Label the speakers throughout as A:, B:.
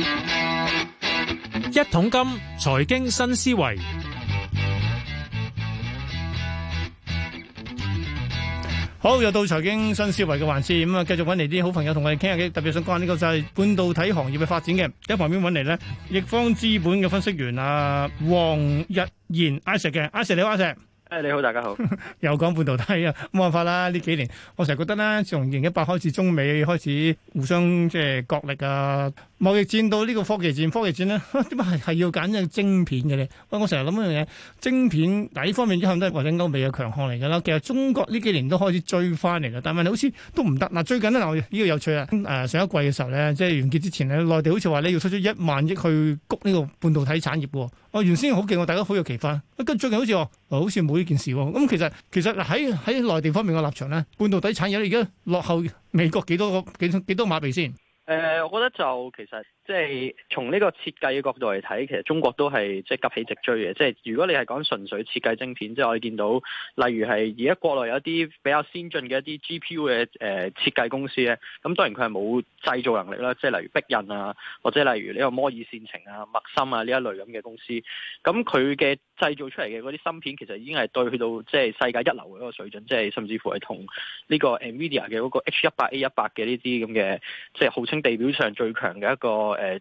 A: 一桶金財經新思維，好，又到財經新思維嘅環節。咁啊，繼續揾嚟啲好朋友同我哋傾下偈。特別想講下呢個就係半導體行業嘅發展嘅。喺旁邊揾嚟呢，易方資本嘅分析員啊，王逸研阿石嘅，阿石你好，阿石誒，
B: 你好，大家好。
A: 又講半導體啊，冇辦法啦。呢幾年我成日覺得呢，從二零一八開始，中美開始互相即係角力啊。貿易戰到呢個科技戰，科技戰咧點解係係要揀一個晶片嘅咧、哎？我成日諗一樣嘢，晶片嗱呢方面一向都係歐美嘅強項嚟嘅啦。其實中國呢幾年都開始追翻嚟啦，但係你好似都唔得。嗱、啊，最近咧嗱，呢、這個有趣啊！誒、呃，上一季嘅時候咧，即係完結之前咧，內地好似話你要推出咗一萬億去谷呢個半導體產業。我、啊、原先好勁，我大家好有期望。跟、啊、最近好似話、啊，好似冇呢件事喎。咁、啊、其實其實喺喺內地方面嘅立場咧，半導體產業咧而家落後美國幾多個幾多幾多馬鼻先？
B: 誒、呃，我覺得就其實是。即係從呢個設計嘅角度嚟睇，其實中國都係即係急起直追嘅。即係如果你係講純粹設計晶片，即係我哋見到，例如係而家國內有一啲比較先進嘅一啲 GPU 嘅誒設計公司咧，咁當然佢係冇製造能力啦。即係例如壁仞啊，或者例如呢個摩爾線程啊、默芯啊呢一類咁嘅公司，咁佢嘅製造出嚟嘅嗰啲芯片，其實已經係對去到即係世界一流嘅一個水準，即係甚至乎係同呢個 NVIDIA 嘅嗰個 H 一八 A 一百嘅呢啲咁嘅，即係號稱地表上最強嘅一個。誒、呃，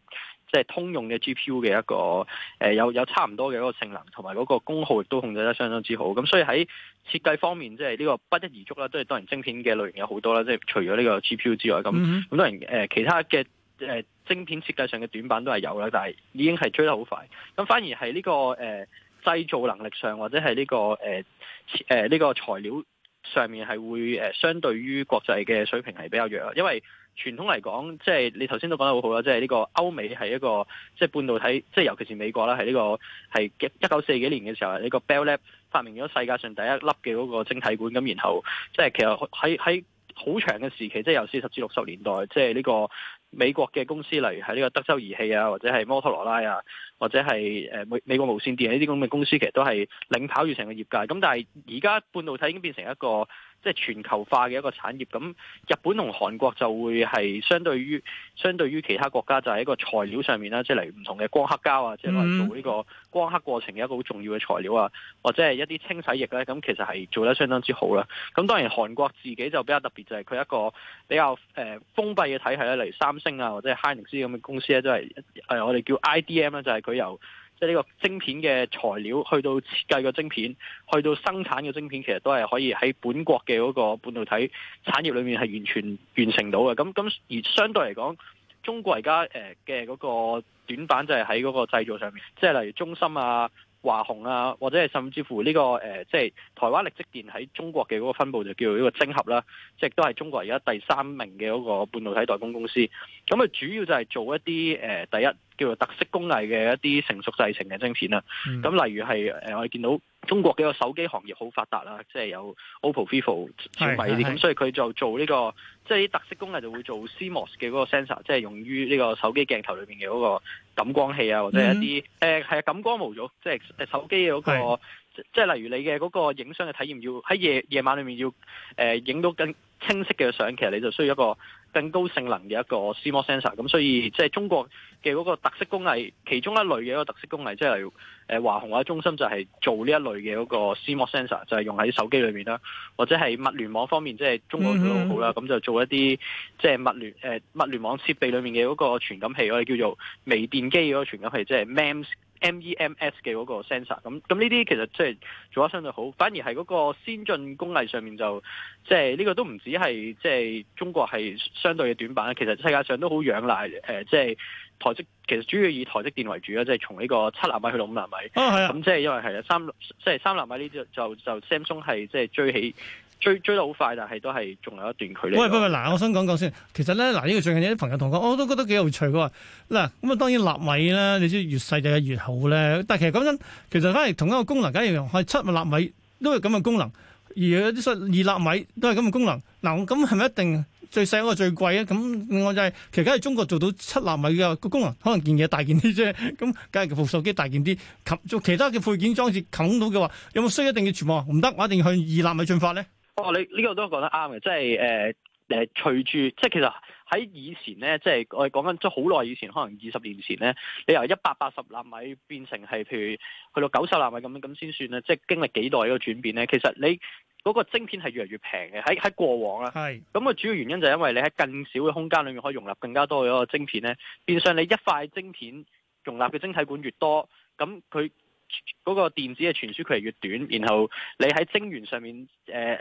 B: 即係通用嘅 GPU 嘅一個誒、呃，有有差唔多嘅一個性能，同埋嗰個功耗亦都控制得相當之好。咁所以喺設計方面，即係呢個不一而足啦。即係當然晶片嘅類型有好多啦，即係除咗呢個 GPU 之外，咁咁當然誒、呃、其他嘅誒、呃、晶片設計上嘅短板都係有啦，但係已經係追得好快。咁反而係呢、這個誒製、呃、造能力上，或者係呢、這個誒誒呢個材料上面係會誒、呃、相對於國際嘅水平係比較弱，因為。傳統嚟講，即係你頭先都講得好好啦，即係呢個歐美係一個即係半導體，即係尤其是美國啦，係呢個係一九四幾年嘅時候，呢個 Bell Lab 發明咗世界上第一粒嘅嗰個晶體管，咁然後即係其實喺喺好長嘅時期，即係由四十至六十年代，即係呢個美國嘅公司，例如係呢個德州儀器啊，或者係摩托羅拉啊，或者係誒美美國無線電呢啲咁嘅公司，其實都係領跑住成個業界。咁但係而家半導體已經變成一個。即係全球化嘅一個產業，咁日本同韓國就會係相對於相對於其他國家就係一個材料上面啦，即係嚟唔同嘅光刻膠啊，即係嚟做呢個光刻過程嘅一個好重要嘅材料啊，或者係一啲清洗液咧，咁其實係做得相當之好啦。咁當然韓國自己就比較特別，就係、是、佢一個比較誒、呃、封閉嘅體系咧，例如三星啊或者係 Hynix 咁嘅公司咧，都係誒我哋叫 IDM 啦，就係、是、佢、呃、由。即係呢個晶片嘅材料，去到設計個晶片，去到生產嘅晶片，其實都係可以喺本國嘅嗰個半導體產業裏面係完全完成到嘅。咁咁而相對嚟講，中國而家誒嘅嗰個短板就係喺嗰個製造上面。即係例如中芯啊、華虹啊，或者係甚至乎呢、呢個誒，即、呃、係、就係、台灣力積電喺中國嘅嗰個分部就叫做呢個晶合啦，即係都係中國而家第三名嘅嗰個半導體代工公司。咁啊，主要就係做一啲誒、呃，第一。叫做特色工藝嘅一啲成熟製程嘅晶片啦，咁、嗯、例如係誒、呃、我哋見到中國嘅個手機行業好發達啦，即係有 OPPO、VIVO、小米啲，咁所以佢就做呢、這個即係啲特色工藝就會做 CMOS 嘅嗰個 sensor，即係用於呢個手機鏡頭裏面嘅嗰個感光器啊，或者一啲誒係啊感光模組，即係手機嗰、那個，的即係例如你嘅嗰個影相嘅體驗要喺夜夜晚裏面要誒影、呃、到更清晰嘅相，其實你就需要一個。更高性能嘅一個 CMOS sensor，咁所以即係中國嘅嗰個特色工藝，其中一類嘅一個特色工藝，即係誒華虹或者中芯就係做呢一類嘅嗰個 CMOS sensor，就係用喺手機裏面啦，或者係物聯網方面，即係中國都好好啦，咁就做一啲即係物聯誒物聯網設備裏面嘅嗰個傳感器，我哋叫做微電機嗰個傳感器，即係 MEMS MEMS 嘅嗰個 sensor，咁咁呢啲其實即係做得相對好，反而係嗰個先進工藝上面就即係呢個都唔止係即係中國係相對嘅短板啦。其實世界上都好仰賴誒，即係台積其實主要以台積電為主啦，即係從呢個七納米去到五納米。咁即係因為係啊，三即係三納米呢啲就就 Samsung 係即係追起。追追得好快，但係都係仲
A: 有一段距離。喂喂喂，嗱我，喂我想講講先。其實咧，嗱，呢個最近有啲朋友同我講，我都覺得幾有趣。佢話：嗱，咁啊，當然納米咧，你知越細就係越好咧。但係其實講真，其實反而同一個功能，梗如用係七納米都係咁嘅功能，而有啲七二納米都係咁嘅功能。嗱，咁係咪一定最細嗰個最貴啊？咁我就係、是、其實，而家係中國做到七納米嘅個功能，可能件嘢大件啲啫。咁梗係部手機大件啲，做其他嘅配件裝置冚到嘅話，有冇需要一定要全部？唔得？我一定向二納米進發咧。
B: 我、哦、你呢、呢個我都覺得啱嘅，即係誒誒，隨、呃、住、呃、即係其實喺以前咧，即係我哋講緊即係好耐以前，可能二十年前咧，你由一百八十納米變成係譬如去到九十納米咁樣咁先算咧，即係經歷幾代一個轉變咧。其實你嗰、嗰個晶片係越嚟越平嘅，喺喺過往啦。係咁嘅主要原因就係因為你喺更少嘅空間裏面可以容納更加多嘅嗰個晶片咧，變相你一塊晶片容納嘅晶體管越多，咁佢。嗰個電子嘅傳輸距離越短，然後你喺晶圓上面誒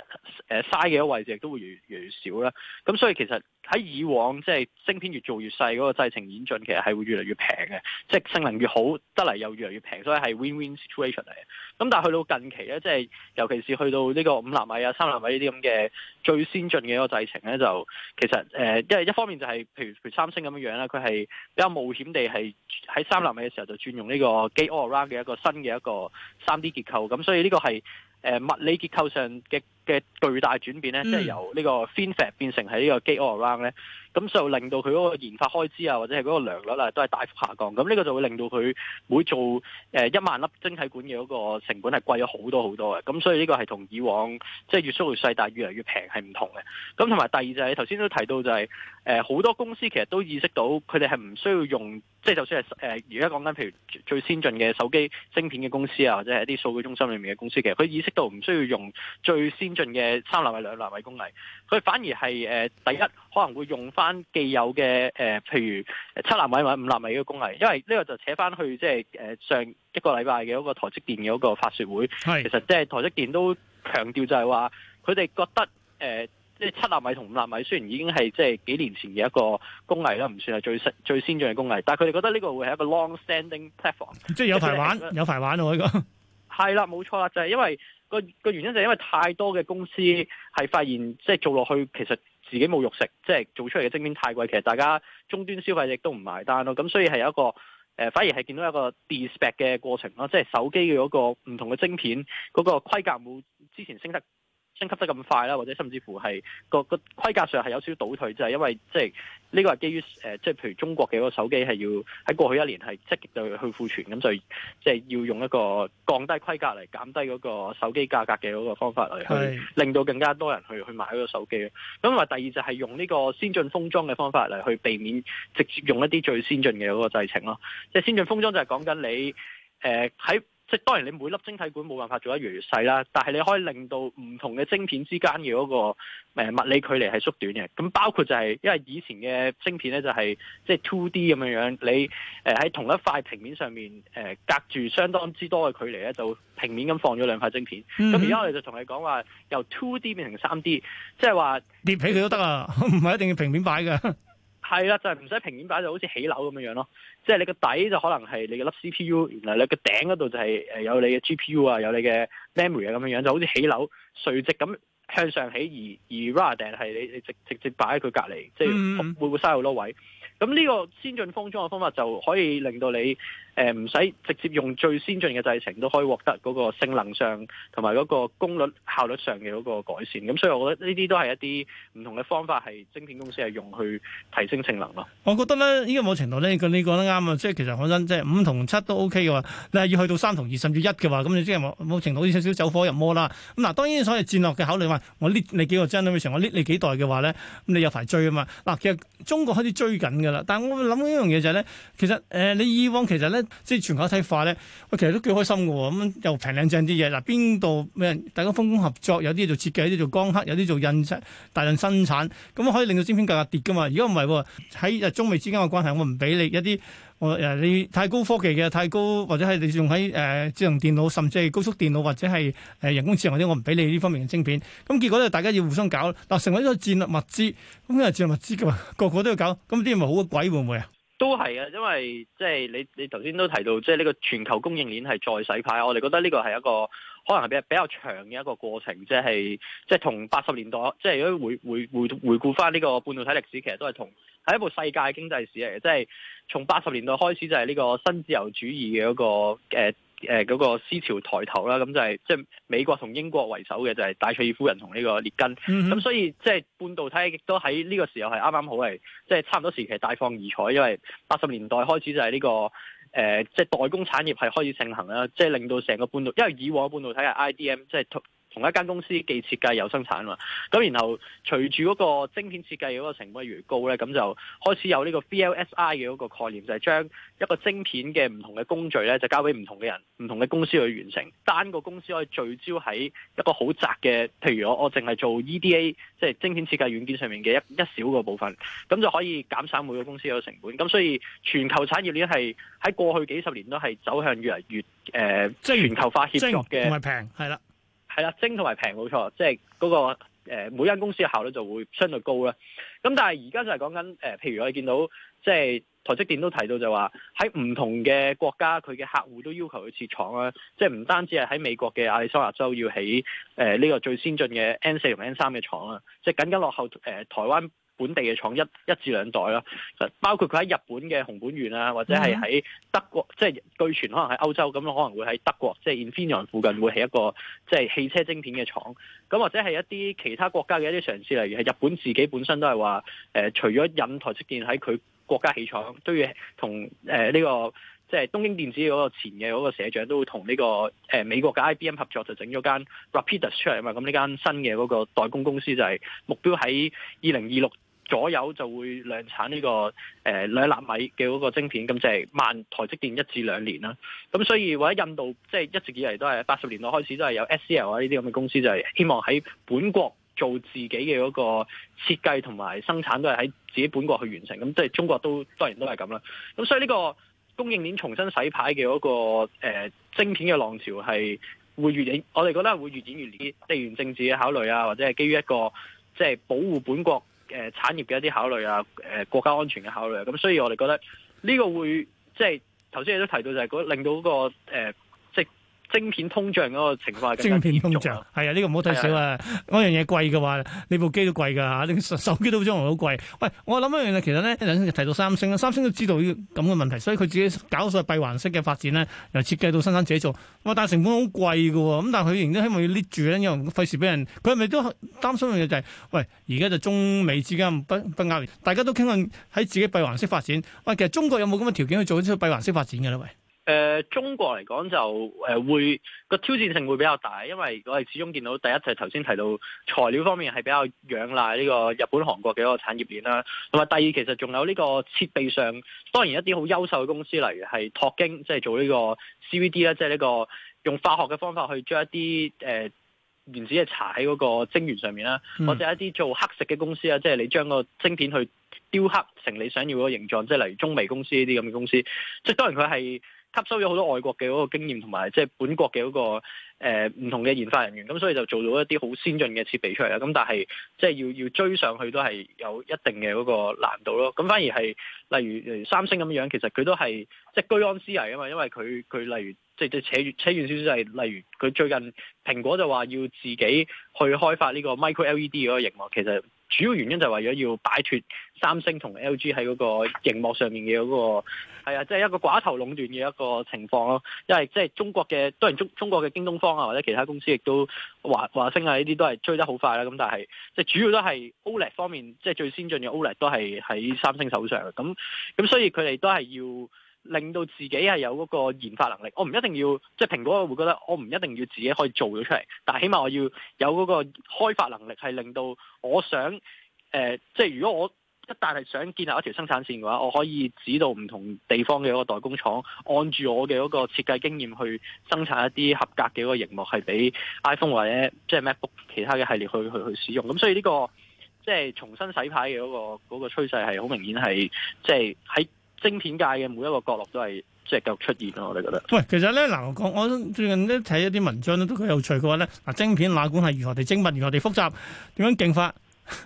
B: 誒嘥嘅位置亦都會越越少啦。咁所以其實。喺以往即係芯片越做越細嗰、那個製程演進，其實係會越嚟越平嘅，即係性能越好得嚟又越嚟越平，所以係 win win situation 嚟嘅。咁但係去到近期咧，即係尤其是去到呢個五納米啊、三納米呢啲咁嘅最先進嘅一個製程咧，就其實誒，因、呃、為一方面就係、是、譬如譬如三星咁樣樣啦，佢係比較冒險地係喺三納米嘅時候就轉用呢個 gate all around 嘅一個新嘅一個三 D 結構，咁所以呢個係誒物理結構上嘅嘅巨大轉變咧，嗯、即係由呢個 FinFET 變成喺呢個 Gate All Around 咧，咁就令到佢嗰個研發開支啊，或者係嗰個良率啊，都係大幅下降。咁呢個就會令到佢每做誒一萬粒晶體管嘅嗰個成本係貴咗好多好多嘅。咁所以呢個係同以往即係、就是、越縮越細，但係越嚟越平係唔同嘅。咁同埋第二就係你頭先都提到就係誒好多公司其實都意識到佢哋係唔需要用，即、就、係、是、就算係誒而家講緊譬如最先進嘅手機晶片嘅公司啊，或者係一啲數據中心裏面嘅公司，其實佢意識到唔需要用最先進嘅三納米、兩納米工藝，佢反而係誒、呃、第一可能會用翻既有嘅誒、呃，譬如七納米或者五納米嘅工藝，因為呢個就扯翻去即係誒上一個禮拜嘅嗰個台積電嘅嗰個法說會，是其實即係台積電都強調就係話，佢哋覺得誒即係七納米同五納米雖然已經係即係幾年前嘅一個工藝啦，唔算係最新最先進嘅工藝，但係佢哋覺得呢個會係一個 long-standing platform，即係有排玩、就
A: 是、玩有排玩咯、啊，呢、這
B: 個係啦， 冇錯啦，就係、是、因為。因為個個原因就係因為太多嘅公司係發現，即係做落去其實自己冇肉食，即係做出嚟嘅晶片太貴，其實大家終端消費亦都唔埋單咯。咁所以係有一個誒、呃，反而係見到一個 de-spec 嘅過程咯，即係手機嘅嗰個唔同嘅晶片嗰個規格冇之前升得升級得咁快啦，或者甚至乎係個個規格上係有少少倒退，就係、是、因為即係呢個係基於誒，即、呃、係譬如中國嘅個手機係要喺過去一年係積極對去庫存，咁就即係、就是、要用一個降低規格嚟減低嗰個手機價格嘅嗰個方法嚟去令到更加多人去去買嗰個手機。咁同埋第二就係用呢個先進封裝嘅方法嚟去避免直接用一啲最先進嘅嗰個製程咯。即、就、係、是、先進封裝就係講緊你誒喺。呃即係當然，你每粒晶體管冇辦法做得越嚟越細啦，但係你可以令到唔同嘅晶片之間嘅嗰、那個、呃、物理距離係縮短嘅。咁包括就係、是、因為以前嘅晶片咧、就是，就係即係 two D 咁樣樣，你誒喺、呃、同一塊平面上面誒、呃、隔住相當之多嘅距離咧，就平面咁放咗兩塊晶片。咁而家我哋就同你講話，由 two D 變成三 D，即係話疊起佢都得啊，
A: 唔係一定要平面擺㗎。
B: 係啦，就係唔使平面擺，就好似起樓咁樣樣咯。即係你個底就可能係你嘅粒 CPU，然後你個頂嗰度就係誒有你嘅 GPU 啊，有你嘅 memory 啊咁樣樣，就好似起樓垂直咁向上起，而而 Radeon 係你你直直接擺喺佢隔籬，即係會唔會嘥好多位？ 咁呢個先進封裝嘅方法就可以令到你誒唔使直接用最先進嘅製程都可以獲得嗰個性能上同埋嗰個功率效率上嘅嗰個改善。咁所以我覺得呢啲都係一啲唔同嘅方法，係晶片公司係用去提升性能咯。
A: 我覺得咧，呢、這個冇程度咧，你講得啱啊、這個。即係其實講真，即係五同七都 OK 嘅話，你係要去到三同二甚至一嘅話，咁你即係冇程度有少少走火入魔啦。咁嗱，當然所謂戰略嘅考慮話，我 lift 你幾個 generation，我 lift 你幾代嘅話咧，咁你有排追啊嘛。嗱，其實中國開始追緊嘅。但係我諗一樣嘢就係咧，其實誒、呃，你以往其實咧，即係全球一體化咧，喂，其實都幾開心嘅、哦，咁又平靚正啲嘢。嗱，邊度咩？大家分工合作，有啲做設計，有啲做光刻，有啲做印刷，大量生產，咁可以令到芯片價格跌嘅嘛。如果唔係喎，喺誒中美之間嘅關係，我唔俾你一啲。我誒你太高科技嘅太高，或者係你用喺誒智能電腦，甚至係高速電腦，或者係誒人工智能等等，或者我唔俾你呢方面嘅晶片。咁結果咧，大家要互相搞，嗱，成為咗戰略物資。咁因為戰略物資㗎嘛，個個都要搞。咁啲咪好鬼會唔會啊？
B: 都係啊，因為即係你你頭先都提到，即係呢個全球供應鏈係再洗牌。我哋覺得呢個係一個。可能係比比較長嘅一個過程，即係即係同八十年代，即係如果回回回回顧翻呢個半導體歷史，其實都係同係一部世界經濟史嚟嘅。即係從八十年代開始就係呢個新自由主義嘅嗰、嗰個誒誒、呃呃嗰個、思潮抬頭啦。咁就係即係美國同英國為首嘅就係戴翠爾夫人同呢個列根。咁、嗯、哼所以即係半導體亦都喺呢個時候係啱啱好係即係差唔多時期大放異彩，因為八十年代開始就係呢、呢個。誒、呃，即係代工產業係開始盛行啦，即係令到成個半導，因為以往嘅半導體係 IDM，即係。同一間公司既設計又生產嘛。咁然後隨住嗰個晶片設計嗰個成本越高咧，咁就開始有呢個 VLSI 嘅嗰個概念，就係、是、將一個晶片嘅唔同嘅工序咧，就交俾唔同嘅人、唔同嘅公司去完成。單個公司可以聚焦喺一個好窄嘅，譬如我我淨係做 EDA，即係晶片設計軟件上面嘅一一小個部分，咁就可以減省每個公司嘅成本。咁所以全球產業鏈係喺過去幾十年都係走向越嚟越誒、呃、正正全球化協作嘅，同埋平係啦。係啦，精同埋平冇錯，即係嗰、那個、呃、每間公司嘅效率就會相對高啦。咁但係而家就係講緊誒，譬如我哋見到即係台積電都提到就話，喺唔同嘅國家佢嘅客戶都要求佢設廠啦、啊，即係唔單止係喺美國嘅亞利桑那州要起誒呢個最先進嘅 N 四同 N 三嘅廠啦、啊，即係緊緊落後誒、呃、台灣。本地嘅廠一一至兩代啦，包括佢喺日本嘅熊本縣啊，或者係喺德國，即係據傳可能喺歐洲咁，可能會喺德國，即、就、係、是、Infineon 附近會起一個即係、就是、汽車晶片嘅廠。咁或者係一啲其他國家嘅一啲嘗試，例如係日本自己本身都係話，誒、呃、除咗引台積電喺佢國家起廠，都要同誒呢個即係、就是、東京電子嗰個前嘅嗰個社長都會同呢、這個誒、呃、美國嘅 IBM 合作，就整咗間 Rapidus 出嚟啊嘛。咁呢間新嘅嗰個代工公司就係、是、目標喺二零二六。左右就會量產呢、這個誒、呃、兩納米嘅嗰個晶片，咁就係萬台積電一至兩年啦。咁所以或者印度即係、就是、一直以嚟都係八十年代開始都係有 SCL 啊呢啲咁嘅公司，就係希望喺本國做自己嘅嗰個設計同埋生產，都係喺自己本國去完成。咁即係中國都當然都係咁啦。咁所以呢個供應鏈重新洗牌嘅嗰、那個、呃、晶片嘅浪潮係會越演，我哋覺得會越演越烈。地緣政治嘅考慮啊，或者係基於一個即係、就是、保護本國。誒、呃、產業嘅一啲考慮啊，誒、呃、國家安全嘅考慮啊。咁所以我哋覺得呢個會，即係頭先亦都提到就係、嗰個、令到嗰、嗰個、呃晶片通
A: 脹嗰個情況，晶片通脹係了啊，呢、呢個唔好睇少啊！嗰樣嘢貴嘅話， 你部機都貴㗎嚇，你手機都將來好貴。喂，我諗一樣嘢，其實咧頭先提到三星啦，三星都知道呢個咁嘅問題，所以佢自己搞曬閉環式嘅發展咧，由設計到生產自己做。哇，但係成本好貴㗎喎，咁但係佢仍然都希望要拎住咧，因為費事俾人。佢係咪都擔心一樣嘢就係，喂，而家就中美之間不不壓，大家都傾向喺自己閉環式發展。喂，其實中國有冇咁嘅條件去做呢個、就是、閉環式發展㗎咧？喂？
B: 誒、呃、中國嚟講就誒會個挑戰性會比較大，因為我哋始終見到第一就係頭先提到材料方面係比較仰賴呢個日本、韓國嘅一個產業鏈啦。同埋第二，其實仲有呢個設備上，當然一啲好優秀嘅公司嚟，係拓荊，即係做呢個 CVD 啦，即係呢個用化學嘅方法去將一啲誒、呃、原子嘅搽喺嗰個晶圓上面啦，嗯、或者一啲做刻蝕嘅公司啦，即係你將個晶片去雕刻成你想要嘅形狀，即係例如中微公司呢啲咁嘅公司。即係當然佢係。吸收咗好多外國嘅嗰個經驗同埋，即係本國嘅嗰個誒唔同嘅研發人員，咁所以就做到一啲好先進嘅設備出嚟啊！咁但係即係要要追上去都係有一定嘅嗰個難度咯。咁反而係例如誒三星咁樣，其實佢都係即係居安思危啊嘛，因為佢佢例如。即係扯遠，扯遠少少係，例如佢最近蘋果就話要自己去開發呢個 micro LED 嗰個熒幕，其實主要原因就係為咗要擺脱三星同 LG 喺嗰個熒幕上面嘅嗰個，係啊，即係一個寡頭壟斷嘅一個情況咯。因為即係中國嘅當然中中國嘅京東方啊或者其他公司亦都華華星啊，呢啲都係追得好快啦。咁但係即係主要都係 OLED 方面，即係最先進嘅 OLED 都係喺三星手上。咁咁所以佢哋都係要。令到自己係有嗰個研發能力，我唔一定要即係、就是、蘋果會覺得我唔一定要自己可以做到出嚟，但係起碼我要有嗰個開發能力，係令到我想誒，即、呃、係、就是、如果我一旦係想建立一條生產線嘅話，我可以指導唔同地方嘅一個代工廠，按住我嘅嗰個設計經驗去生產一啲合格嘅嗰個熒幕，係俾 iPhone 或者即係 MacBook 其他嘅系列去去去使用。咁所以呢、這個即係、就是、重新洗牌嘅嗰、那個嗰、那個趨勢係好明顯係即係喺。就是晶片界
A: 嘅每一個角落都係即係夠出現咯，我哋覺得。喂，其實咧嗱，我講我最近咧睇一啲文章咧都佢有趣嘅話咧，嗱，晶片哪管係如何地精密，如何地複雜，點樣勁，發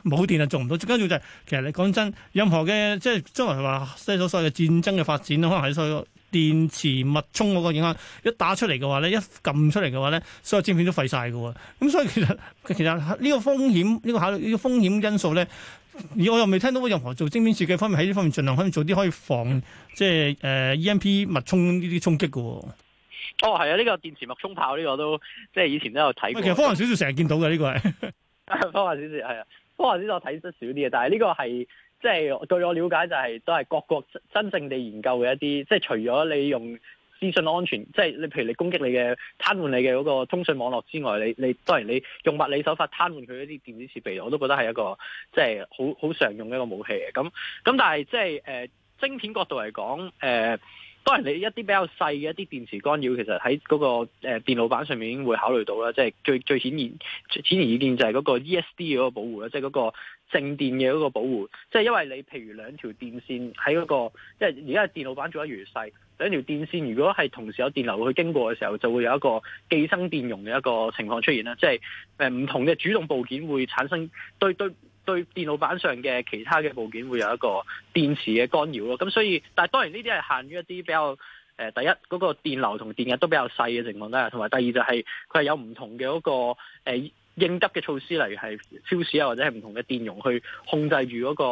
A: 冇電啊，做唔到。最緊要就係、是、其實你講真，任何嘅即係，將來話即係所謂嘅戰爭嘅發展可能喺所有。電磁脈衝嗰個影響一打出嚟嘅話咧，一撳出嚟嘅話咧，所有晶片都廢晒㗎喎。咁、嗯、所以其實其實呢個風險呢個考呢個風險因素咧，而我又未聽到任何做晶片設計方面喺呢方面盡量可以做啲可以防即係誒 EMP 脈衝呢啲衝擊㗎。哦，
B: 係啊，呢、呢個電磁脈衝炮呢、呢個都即係以前都有睇過。其實科幻小
A: 説成日見到嘅呢、呢個係科
B: 幻小説係啊，科幻小説我睇得少啲嘅，但係呢個係。即係據我了解就係、是、都係各國真正地研究嘅一啲，即、就、係、是、除咗你用資訊安全，即、就、係、是、你譬如你攻擊你嘅癱瘓你嘅嗰個通訊網絡之外，你你當然你用物理手法癱瘓佢嗰啲電子設備，我都覺得係一個即係好好常用嘅一個武器咁。咁但係即係誒晶片角度嚟講誒。呃當然你一啲比較細嘅一啲電磁干擾，其實喺嗰個誒電路板上面會考慮到啦。即係最最顯然、顯而易見就係嗰個 ESD 嘅嗰個保護啦，即係嗰個靜電嘅嗰個保護。即係因為你譬如兩條電線喺嗰個，因為而家電路板做得越嚟越細，兩條電線如果係同時有電流去經過嘅時候，就會有一個寄生電容嘅一個情況出現啦。即係誒唔同嘅主動部件會產生對對。對對電腦板上嘅其他嘅部件會有一個電磁嘅干擾咯，咁所以，但係當然呢啲係限於一啲比較誒、呃，第一嗰、那個電流同電壓都比較細嘅情況底下，同埋第二就係佢係有唔同嘅嗰、那個誒、呃、應急嘅措施，例如係超時啊或者係唔同嘅電容去控制住嗰、那個、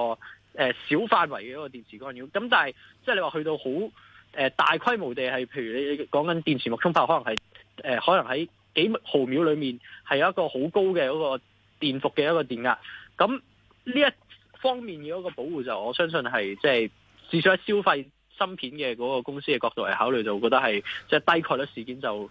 B: 呃、小範圍嘅一個電磁干擾。咁但係即係你話去到好誒、呃、大規模地係，譬如你講緊電磁脈衝爆，可能係誒、呃、可能喺幾毫秒裏面係有一個好高嘅嗰個電伏嘅一個電壓。咁呢一方面嘅一個保護就，我相信係即係至少喺消費芯片嘅嗰個公司嘅角度嚟考慮，就覺得係即係低概率事件就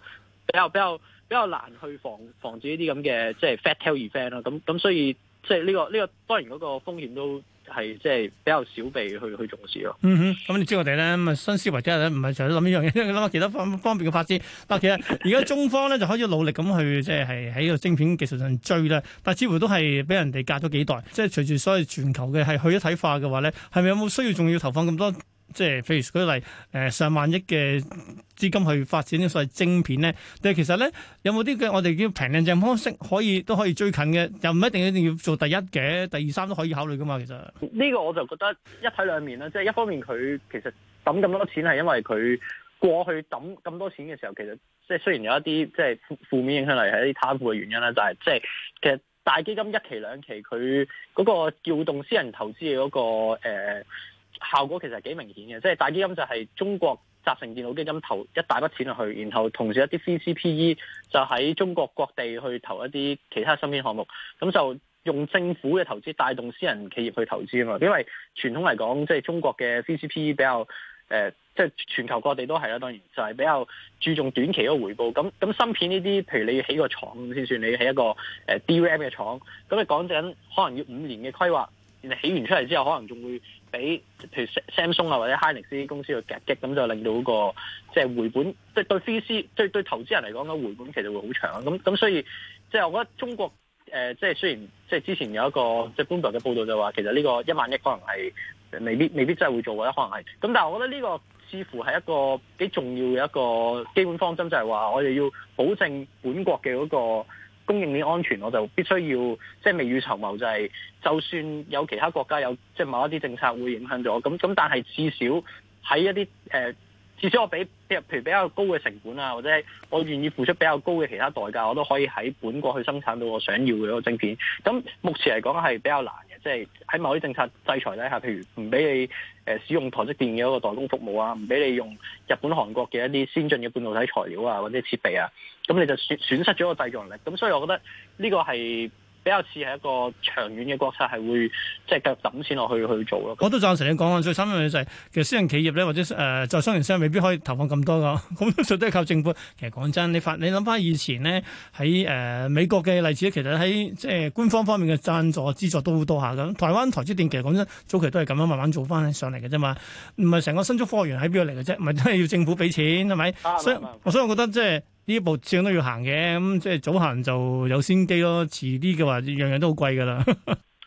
B: 比較比較比較難去防防止呢啲咁嘅即係 fat tail event 啦。咁咁所以即係呢個呢個當然嗰個風險都。係
A: 即係比較少被去去重視咯。嗯哼，咁你知我哋咧，咁啊新思維即係咧，唔係除咗諗呢樣嘢，因為諗下其他方方面嘅發展。但係其實而家中方咧就開始努力咁去即係喺個晶片技術上追啦。但係似乎都係俾人哋隔咗幾代。即係隨住所謂全球嘅係去一體化嘅話咧，係咪有冇需要仲要投放咁多？即係譬如舉例，誒、呃、上萬億嘅資金去發展呢，所謂晶片咧，但係其實咧有冇啲嘅我哋叫平靚正方式，可以都可以追近嘅？又唔一定一定要做第一嘅，第二三都可以考慮㗎嘛。其實
B: 呢個我就覺得一體兩面啦，即、就、係、是、一方面佢其實抌咁多錢係因為佢過去抌咁多錢嘅時候，其實即係雖然有一啲即係負面影響，嚟，例如係一啲貪腐嘅原因啦，就係即係其實大基金一期兩期佢嗰個撬動私人投資嘅嗰、那個、呃效果其實幾明顯嘅，即係大基金就係中國集成電腦基金投一大筆錢落去，然後同時一啲 V C P E 就喺中國各地去投一啲其他芯片項目，咁就用政府嘅投資帶動私人企業去投資啊嘛。因為傳統嚟講，即係中國嘅 V C P E 比較誒，即係全球各地都係啦，當然就係比較注重短期嘅回報。咁咁芯片呢啲，譬如你要起個廠先算，你要起一個誒 DRAM 嘅廠，咁你講緊可能要五年嘅規劃，然後起完出嚟之後，可能仲會俾譬如 Samsung 啊或者 Hynix 公司去夾擊，咁就令到、那個即係、就是、回本，即係對 VC 對對投資人嚟講嘅回本其實會好長咁。咁所以即係、就是、我覺得中國誒，即、呃、係雖然即係、就是、之前有一個即係官導嘅報導就話，其實呢個一萬億可能係未必未必真係會做或者可能係咁，但係我覺得呢個似乎係一個幾重要嘅一個基本方針，就係、是、話我哋要保證本國嘅嗰、那個。供應鏈安全，我就必須要即係未雨綢繆，就係、是、就算有其他國家有即係某一啲政策會影響咗，咁咁但係至少喺一啲誒、呃，至少我俾譬如比較高嘅成本啊，或者我願意付出比較高嘅其他代價，我都可以喺本國去生產到我想要嘅一個晶片。咁目前嚟講係比較難。即係喺某啲政策制裁底下，譬如唔俾你誒、呃、使用台積電嘅一個代工服務啊，唔俾你用日本、韓國嘅一啲先進嘅半導體材料啊，或者設備啊，咁你就損損失咗個製造能力。咁所以我覺得呢個係。比較似係一個長遠嘅國策，係會即係揼錢落去去做咯。我都
A: 贊成你講啊，最三樣嘢就係其實私人企業咧，或者誒在商業商未必可以投放咁多噶，咁 都全都係靠政府。其實講真，你發你諗翻以前呢，喺誒、呃、美國嘅例子其實喺即係官方方面嘅贊助資助都好多下嘅。台灣台積電其實講真，早期都係咁樣慢慢做翻上嚟嘅啫嘛。唔係成個新竹科學園喺邊度嚟嘅啫？唔係都係要政府俾錢係咪？啊、所以、啊啊啊、所以我覺得即係。啊呢一步正都要行嘅，咁、嗯、即係早行就有先機咯，遲啲嘅話樣樣都好貴噶啦。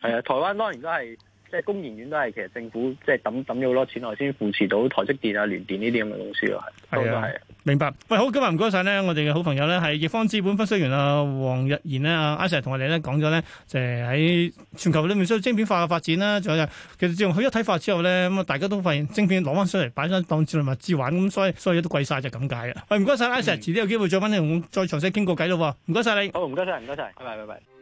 B: 係 啊，台灣當然都係。即係工研院都係，其實政府即係抌抌咗好多錢落去，先扶持到台積電啊、聯電呢啲咁嘅公司咯。係，係啊，係啊，
A: 明白。喂，好，今日唔該晒咧，我哋嘅好朋友咧係易方資本分析員啊王逸研咧啊阿石同我哋咧講咗咧，就係、是、喺全球裏面需要晶片化嘅發展啦、啊。仲有，其實自從去一體化之後咧，咁啊大家都發現晶片攞翻出嚟擺咗當資物資玩，咁所以所以都貴晒。就咁解嘅，喂，唔該曬，阿石、嗯，遲啲有機會再翻嚟，我再詳細傾過偈咯。唔該曬你。好，唔該曬，唔該曬，謝謝謝謝拜拜，拜拜。